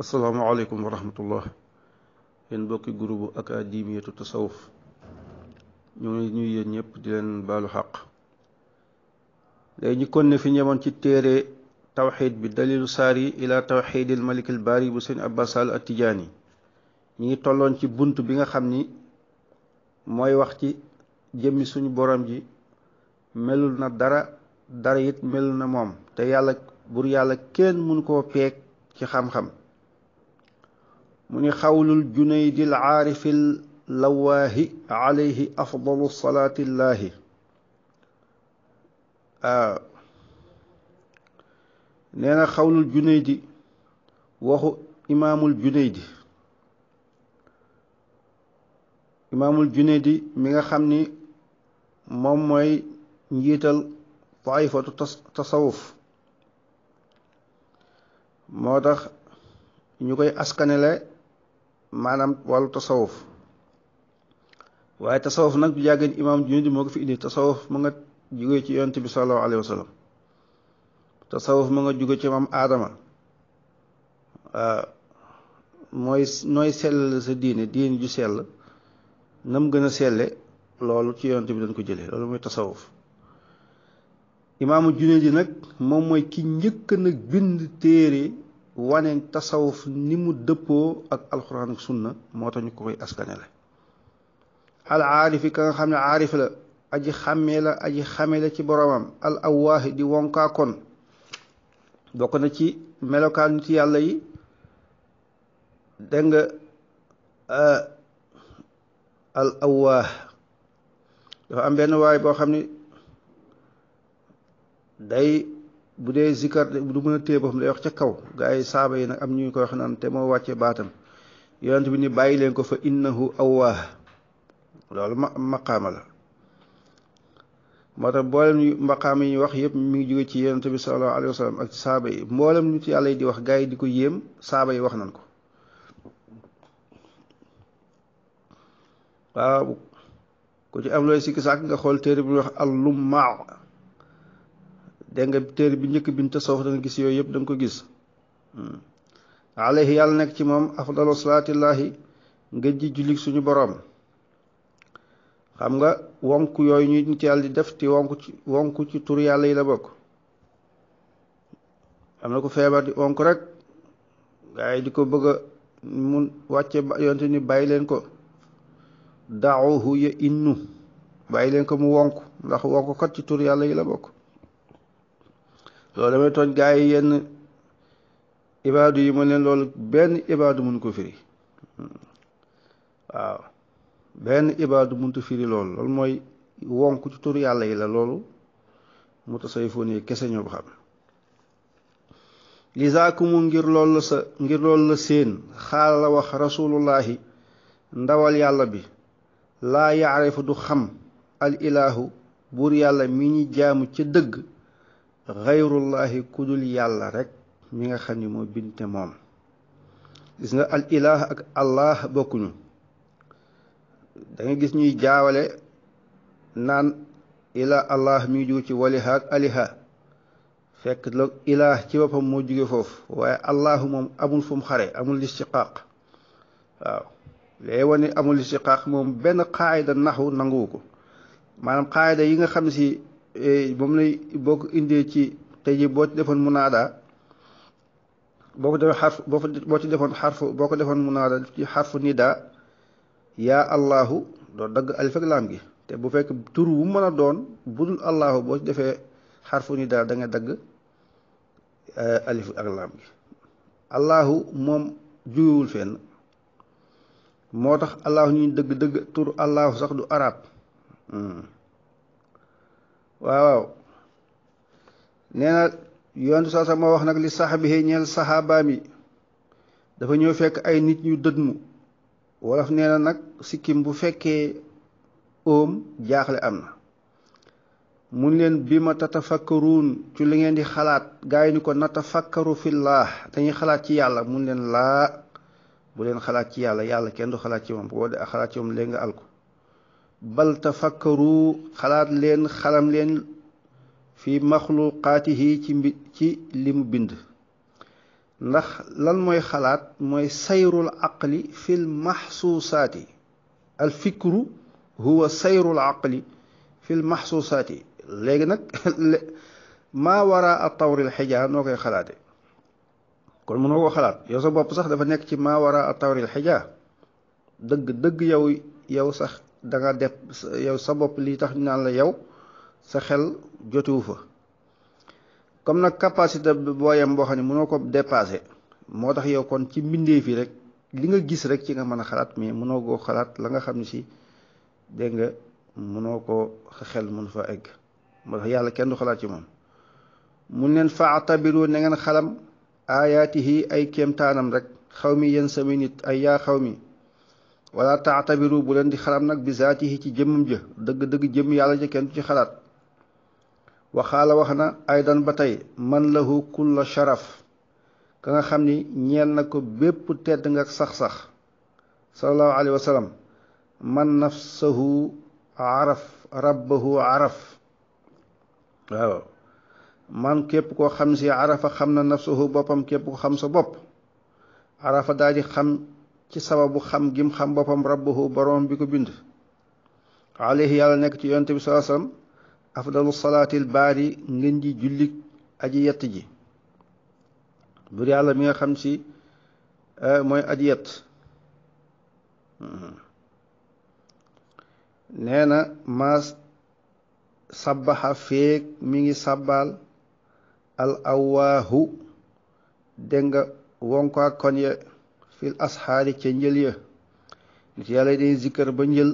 asalaamaaleykum wa rahmatullah yéen bokki groupe akadimiyatu tasawuf ñu ngi nuyu yéen ñëpp di leen baalu xaq léegi ñu kon fi ñemoon ci téere tawxid bi dalilu saari ila tawxidil malikil bari bu seen abbas al attijaani ñi ngi tolloon ci bunt bi nga xam ni mooy wax ci jëmmi suñu borom ji melul na dara dara it melul na moom te yàlla bur yàlla kenn mënu koo peeg ci xam-xam من خول الجنيد العارف اللواه عليه أفضل الصلاة الله آه. نينا خول الجنيد وهو إمام الجنيد إمام الجنيد من خمني مموي نجيتل طائفة التصوف موضح أسكن أسكنلي maanaam wàllu tasawuf waaye tasawuf nag bu yàggee imaam jundi moo ko fi indi tasawuf mu nga jóge ci yonent bi sallallahu alayhi wa sallam tasawuf mu nga jóge ci maam aadama mooy nooy sell sa diine diine ju sell na mu gën a selle loolu ci yonent bi dañ ko jëlee loolu mooy tasawuf imaamu jundi nag moom mooy ki njëkk nag bind téere wane tasawuf ni mu dëppoo ak alquran ak sunna moo tax ñu ko koy askanele al aarifi ka nga xam ne aarif la aji xàmmee la aji xamee la ci boromam al awaahi di kon bokk na ci melokaan nit yàlla yi dénga al awaah dafa am benn waay boo xam ne day bu dee zikar du mën a téye boppam day wax ca kaw gaa yi saaba yi nag am ñu ko wax naan te moo wàcce baatam yonent bi ni bàyyi leen ko fa innahu awwah loolu ma maqaama la moo tax mboolem maqaam yi ñu wax yëpp mi ngi jóge ci yonent bi sallallahu alayhi wa sallam ak saaba yi mboolem nit yàlla yi di wax gaa yi di ko yéem saaba yi wax nañ ko waaw ku ci am looy sikki sàkk nga xool téere bi wax allum maa dégg nga téere bi njëkk bi ñu tasawuf da gis yooyu yëpp da ko gis hmm. alayhi yàlla nekk ci moom afdalu salaatillahi ngën ji jullit suñu boroom xam nga wonk yooyu ñu nit yàlla di def te wonk ci wonk ci tur yàlla yi la bokk am na ko feebar di wonk rek gaa di ko bëgg a mun wàcce yonte ni bàyyi leen ko daawuhu ya innu bàyyi leen ko mu wonk ndax wonk kat ci tur yàlla yi la bokk loolu damay tooñ gaa yi yenn ibaadu yi ma leen loolu benn ibaadu mun ko firi waaw benn ibaadu muntu firi loolu loolu mooy wonk ci tur yàlla yi la loolu mu tasawufoon yi kese ñoo ko xam lisaakumu ngir loolu ngir loolu la seen xaala la wax rasulullahi ndawal yàlla bi laa yaarifu du xam al ilaahu buur yàlla mi ñi jaamu ca dëgg xayrullahi kudul yàlla rekk mi nga xam ni moo binte moom gis nga al ilaah ak allah bokkuñu danga gis ñuy jaawale naan ila allah mi ngi jóge ci waliha ak aliha fekk la ilaah ci boppam moo jóge foofu waaye allahu moom amul fu mu xare amul listiqaaq waaw léegi wane amul listiqaaq moom benn xaayida naxu nanguwu ko maanaam xaayida yi nga xam si ba eh, mu lay boo ko indee ci tey jii boo ci defoon munaada boo ko defee xarfu boo ko ci defoon xarfu boo ko defoon munaada def ci xarfu nida yaa allahu doo dagg alif ak laam gi te bu fekk tur wu mën a doon budul allahu boo ci defee xarfu nida da dagg eh, alif ak laam gi allahu moom juyuwul fenn moo tax allahu ñu dëgg dëgg tur allahu sax du arab hmm. waaw nee na yoon saa sama wax nag li saxabihi ñeel saxaabaam yi dafa ñëw fekk ay nit ñu dëdmu wolof nee na nag sikkim bu fekkee óom jaaxle am na mun leen bi ma tatafakkaruun ci li ngeen di xalaat gaa yi ni ko natafakkaru fillah dañuy xalaat ci yàlla mun leen laa bu leen xalaat ci yàlla yàlla kenn du xalaat ci moom boo de xalaat ci moom nga بل تفكروا خلات لين خلم لين في مخلوقاته تي لم بند نخ لان موي خلات موي سير العقل في المحسوسات الفكر هو سير العقل في المحسوسات لغنك ما وراء الطور الحجاب نوكي خلات كل من هو خلات يوسف بابو دفنك ما وراء الطور الحجاب دق دق يو يو صح da nga def yow sa bopp lii tax ñu naan la yow sa xel jotuwu fa comme nag capacité boo yem boo xam ne mënoo ko dépassé moo tax yow kon ci mbindee fi rek li nga gis rek ci nga mën a xalaat mais mënoo koo xalaat la nga xam ne si dégg nga mënoo ko xel mën fa egg moo tax yàlla kenn du xalaat ci moom mun leen faatabiru na ngeen xalam aayaatihi ay kéemtaanam rek xaw mi yéen sami nit ay yaa xaw mi ولا تعتبروا بلن دي خرام نك بذاته تي جمم جه دغ دغ جم يالا جي كين تي خلات وخال وخنا ايضا بتاي من له كل شرف كان خامني نيل نكو بيب تيد نك صح صح صلى الله عليه وسلم من نفسه عرف ربه عرف واو من كيب كو خمسي عرف خمنا نفسه بوبم كيب كو خمسه بوب عرف دادي خم ci sababu xam gim xam boppam rabbuhu boroom bi bind alayhi yàlla nekk ci yonte bi salaa sallam afdalu salaatil baari ngeen ji jullik aji yett ji bur yàlla mi nga xam ci eh, mooy aji yett hmm. nee na maa sabbaxa mi ngi sabal al awaahu dégg nga wonko fil asxaari ca njël ya nit yàlla day zikkar ba njël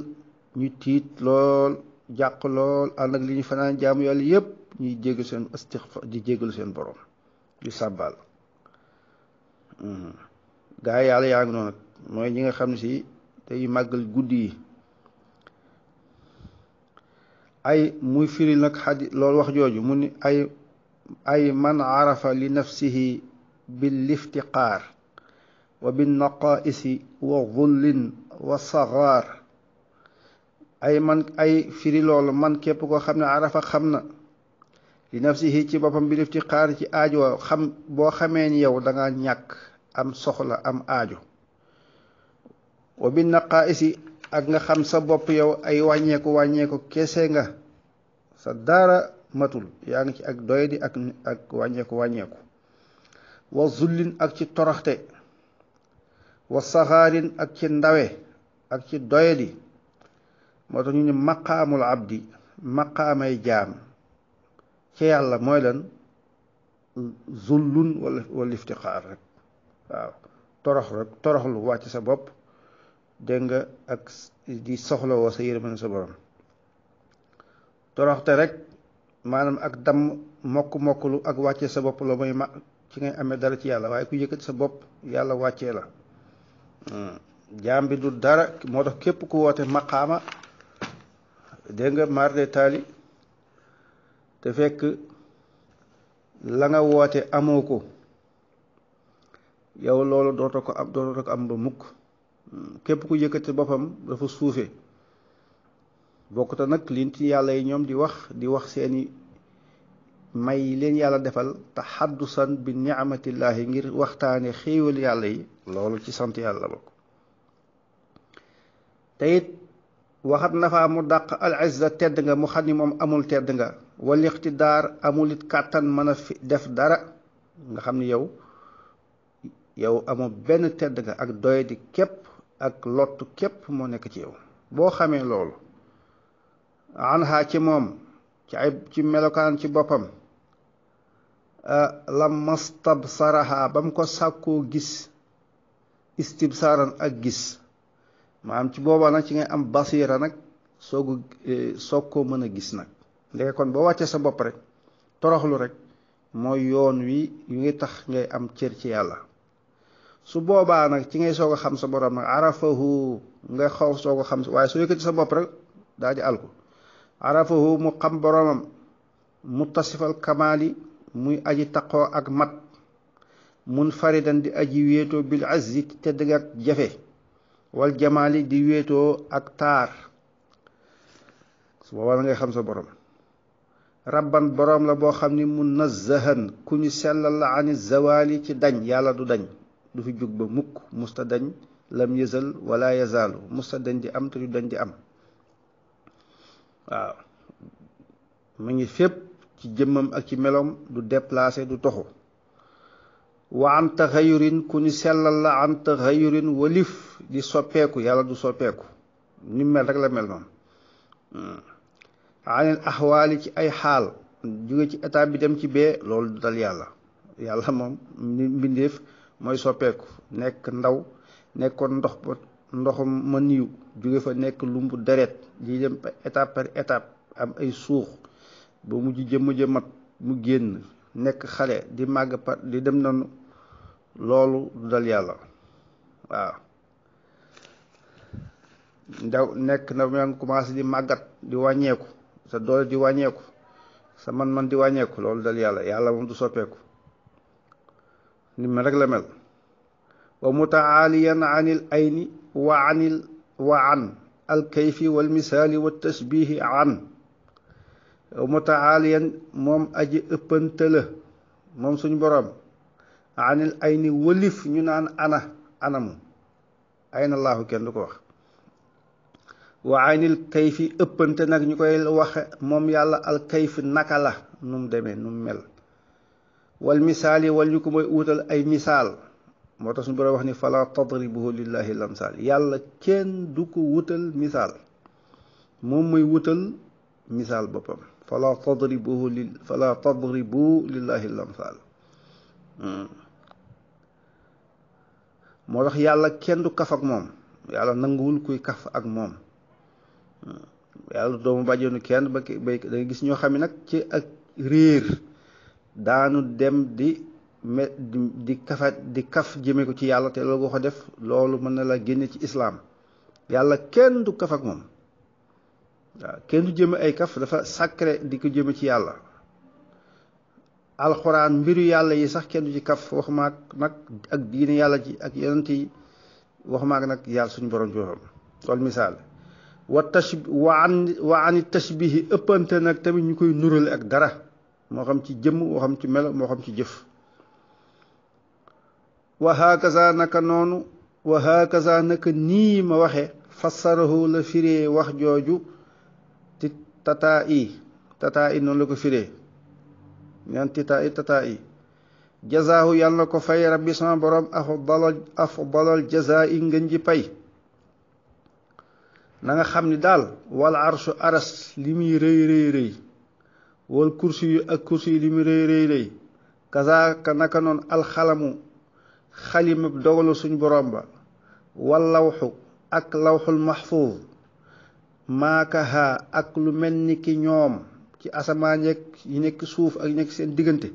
ñu tiit lool jàq lool ànd ak li ñu fanaan jaamu yàlla yépp ñuy jégg seen istixfar di jéggalu seen borom di sàbbaal hmm. gaa yi yàlla yaa ngi noonu mooy ñi nga xam ne si tey màggal guddi yi ay muy firi nag xadi loolu wax jooju mu ni ay ay man arafa li nafsihi bil iftiqaar wa binnaqaaisi wa zullin wa saxaar ay man ay firi loolu man képp koo xam ne arafa xam na li nafsihi ci boppam bi ci xaar ci aajo xam boo xamee ni yow da nga ñàkk am soxla am aajo wa binnaqaaisi ak nga xam sa bopp yow ay wàññeeku wàññeeku kese nga sa dara matul yaa ngi ci ak doyadi ak wàññeeku wàññeeku wa zullin ak ci toroxte wa saxaarin ak ci ndawe ak ci doyadi moo tax ñu ne maqaamul abdi maqaamay jaam ci yàlla mooy lan zullun wala wala iftixaar rek waaw torox rek toroxlu wàcc sa bopp dégg nga ak di soxlawoo sa yërmande sa borom toroxte rek maanaam ak dam mokk mokklu ak wàcce sa bopp la mooy ma ci ngay amee dara ci yàlla waaye ku yëkkati sa bopp yàlla wàccee la jambidu dara moto kepp ko wote makkama denga marde tali te fekk langa wote amoko yow lolo doto ko am doto ko am ba mukk kepp ku yëkkati boppam dafa suufee bokkuta nag liñ ti yàlla yi ñoom di wax di wax seeni may leen yàlla defal te xaddusan bi ni'matillaahi ngir waxtaane xéewal yàlla yi loolu ci sant yàlla bokk te it waxat nafa mu dàq al izza tedd nga mu xam ni moom amul tedd nga wal iqtidaar amul it kàttan mën a fi def dara nga xam ni yow yow amoo benn tedd nga ak di képp ak lottu képp moo nekk ci yow boo xamee loolu anha ci moom ci ay ci melokaan ci boppam la mastabsaraha ba mu ko sàkkoo gis istibsaran ak gis maanaam ci booba nag ci ngay am basira nag soogu e, soog koo mën a gis nag ndeke kon boo wàccee sa bopp rek toroxlu rek mooy yoon wi yu ngi tax ngay am cër ci yàlla su boobaa nag ci ngay soog a xam sa borom nag arafahu nga xaw soog a xam waaye su yëkkati sa bopp rek daaj di alku arafahu mu xam boromam muttasifal kamaali muy aji taqoo ak mat mun faridan di aji wéetoo bil azzi te tedd ak jafe wal jamaali di wéetoo ak taar su boobaa ngay xam sa boroom rabban boroom la boo xam ni munazzahan ku ñu sellal la ani zawaali ci dañ yàlla du dañ du fi jug ba mukk musta dañ lam yëzal wala yazaalu musta dañ di am te du dañ di am waaw mu ngi fépp ci jëmmam ak ci meloom du déplacé du toxu wa an taxayurin ku ñu sellal la an walif di soppeeku yàlla du soppeeku ni mel rek la mel noonu hmm. anil axwaali ci ay xaal jóge ci état bi dem ci bee loolu du dal yàlla yàlla moom mbindeef mooy soppeeku nekk ndaw nekkoon ndox ba ndoxum ma niiw jóge fa nekk lumb deret di dem étape par étape am ay suux ba mujj jëmm ja mat mu génn nekk xale di màgg di dem noonu loolu du dal yàlla waaw ndaw nekk na yaa ngi commencé di màggat di wàññeeku sa doole di wàññeeku sa man-man di wàññeeku loolu dal yàlla yàlla moom du soppeeku ni mel la mel wa mutaaliyan an il ayni wa anil wa an al kayfi wal wa tashbihi an mutaaliyan moom aji ëppante la moom suñu boroom anil ay ni wëlif ñu naan ana anamu na laahu kenn du ko wax wa aynil kayfi ëppante nag ñu koy wax moom yàlla al kayfi naka la nu mu demee nu mu mel wal misaal yi wal ñu ko mooy uutal ay misaal moo tax suñu boroom wax ni fala tadribuhu lillahi lamsaal yàlla kenn du ko wutal misaal moom mooy wutal misaal boppam fala tadribuhu li fala tadribu lillahi lamthal moo tax yàlla kenn du kaf ak moom yàlla nanguwul kuy kaf ak moom hmm. yàlla doomu bàjjenu kenn ba bay da gis ñoo xam ne nag ci ak réer daanu dem di me di kafa di kaf jëme ko ci yàlla te loolu ko def loolu mën na laa génne ci islaam yàlla kenn du kaf ak moom waaw kenn du jëme ay kaf dafa sacré di ko jëme ci yàlla alxuraan mbiru yàlla yi sax kenn du ci kaf waxumaak nag ak diine yàlla ji ak yonent yi waxumaak nag yàlla suñu borom joxam wal misaal wa tash wa an wa ani tashbihi ëppante nag tamit ñu koy nurale ak dara moo xam ci jëmm moo ci melo moo xam ci jëf wa hakaza naka noonu wa naka nii ma waxe fassarahu la firee wax jooju tataa'i tataa'i noonu la ko firee ñaan titaa'i tataa'i jazaahu yàlla na ko fay rabbi sama borom afdalal afdalal jazaa'i ngën ji pay na nga xam ni daal wal arshu aras li muy rëy rëy rëy wal kursi yu ak kursi yu li muy rëy rëy rëy kazaaka naka noonu alxalamu xalimab dogalu suñ borom ba wal lawxu ak lawxul maxfuuz maakaha ak lu mel ni ki ñoom ci asamaan yeeg yi nekk suuf ak yi nekk seen diggante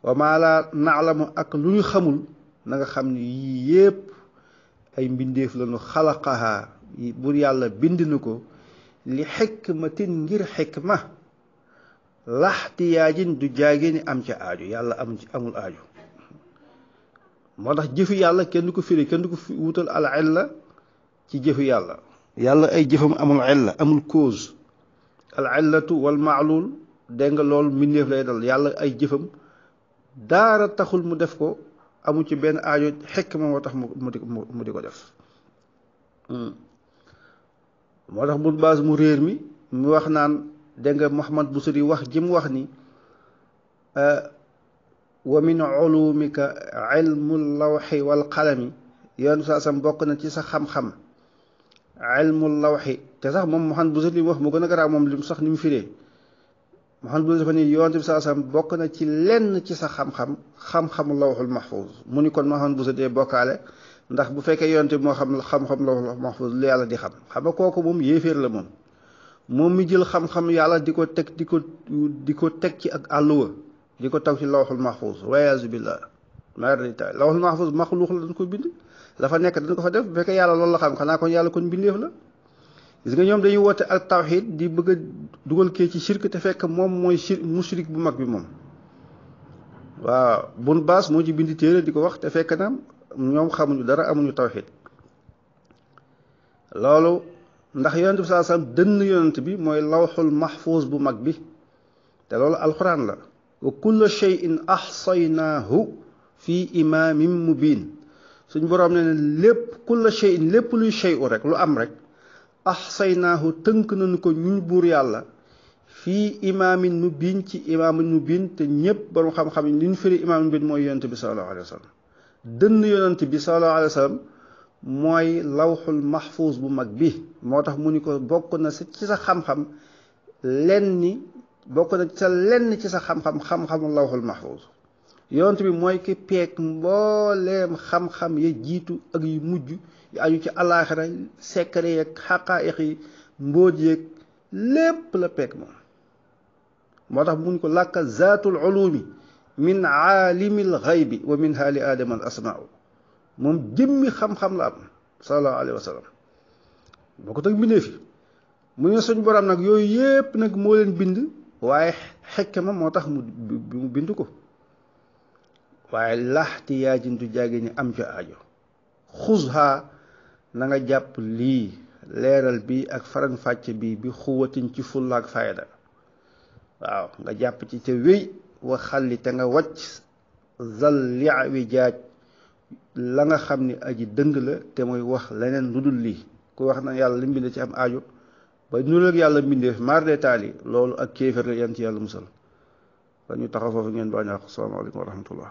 wa maa laa naalamu ak lu ñu xamul nanga xam ni yépp ay mbindeef lañu xalaqaha bu yàlla bind na ko li xikmatin ngir xekk xikma laxtiyaajin du jaagéeni am ci aaju yàlla am amul aaju moo tax jëfi yàlla kenn du ko firi kenn du ko wutal al la ci jëfi yàlla yàlla ay jëfam amul illa amul cause al illatu wal maalul dégg nga loolu mbindeef lay dal yàlla ay jëfam daara taxul mu def ko amu ci benn aajo xekk ma moo tax mu mu di ko def hmm. moo tax bul baas mu réer mi mu wax naan dégg nga Muhammad Busiri wax ji mu wax ni wa min ulumika ilmul lawxi wal qalami yoon saa sam bokk na ci sa xam-xam علم اللوح تصح مام محمد بوزي لي مو غنا كرا مام لم صح نيم فيلي محمد بوزي فني يونت بي صاحب بوكنا تي لين تي سا خام خام خام المحفوظ موني كون محمد بوزي دي بوكالي ندخ بو فيك يونت مو خام خام خام اللوح المحفوظ لي يالا دي خام كوكو موم ييفير لا موم موم مي جيل خام ديكو تك ديكو ديكو تك تي اك ديكو تاو تي المحفوظ وياز بالله maari ta lawal mahfuz maxluux la dañ ko bind la fa nekk dañ ko fa def bu fekkee yàlla loolu la xam xanaa kon yàlla kon bindeef la gis nga ñoom dañuy woote ak tawxid di bëgg a dugal kee ci shirk te fekk moom mooy shirk mushrik bu mag bi moom waaw bun baas moo ci bind téere di ko wax te fekk na ñoom xamuñu dara amuñu tawxid loolu ndax yonent bi saa sam dënn yonent bi mooy lawxul mahfuz bu mag bi te loolu alquran la wa kulla shay'in ahsaynaahu fii imaamin mubin suñ boroom ne ne lépp kulla shay'in lépp luy shay'u rek lu am rek ahsaynaahu tënk nañu ko ñu buur yàlla fii imaamin mubin ci imaamin mubin te ñépp boroom xam-xam yi li ñu firi imaamin mubin mooy yonent bi sallallahu alayhi wa sallam dënn yonent bi sallallahu alayhi wa sallam mooy lawxul mahfuus bu mag bi moo tax mu ni ko bokk na ci sa xam-xam lenn bokk na ci sa lenn ci sa xam-xam xam-xamu lawxul mahfuus yonent bi mooy ki peeg mbooleem xam-xam ya jiitu ak yu mujj yu aju ci alaaxira secret yeeg xaqaayiq yi mbóoj yeeg lépp la peeg moom moo tax muñ ko làkka zaatul ulumi min aalimil xaybi wa min haali jëmmi xam-xam la am sallallahu alayhi wa boo ko te bindee fi mu ne suñ borom nag yooyu yépp nag moo leen bind waaye xekke ma moo tax mu bind ko waaye laxti yaajin du jàggi ni am ca aajo xusha na nga jàpp lii leeral bi ak faran fàcc bi bi xuwatin ci fulla ak fayda waaw nga jàpp ci te wéy wa xalli te nga wàcc zal liawi jaaj la nga xam ni aji dëng la te mooy wax leneen lu dul lii ku wax na yàlla lim bind ci am aajo ba ñu ak yàlla mbindeef maar de taali loolu ak kéefar la yan ci yàlla musal dañu taxaw foofu ngeen baañaax asalaamaaleykum wa rahmatullah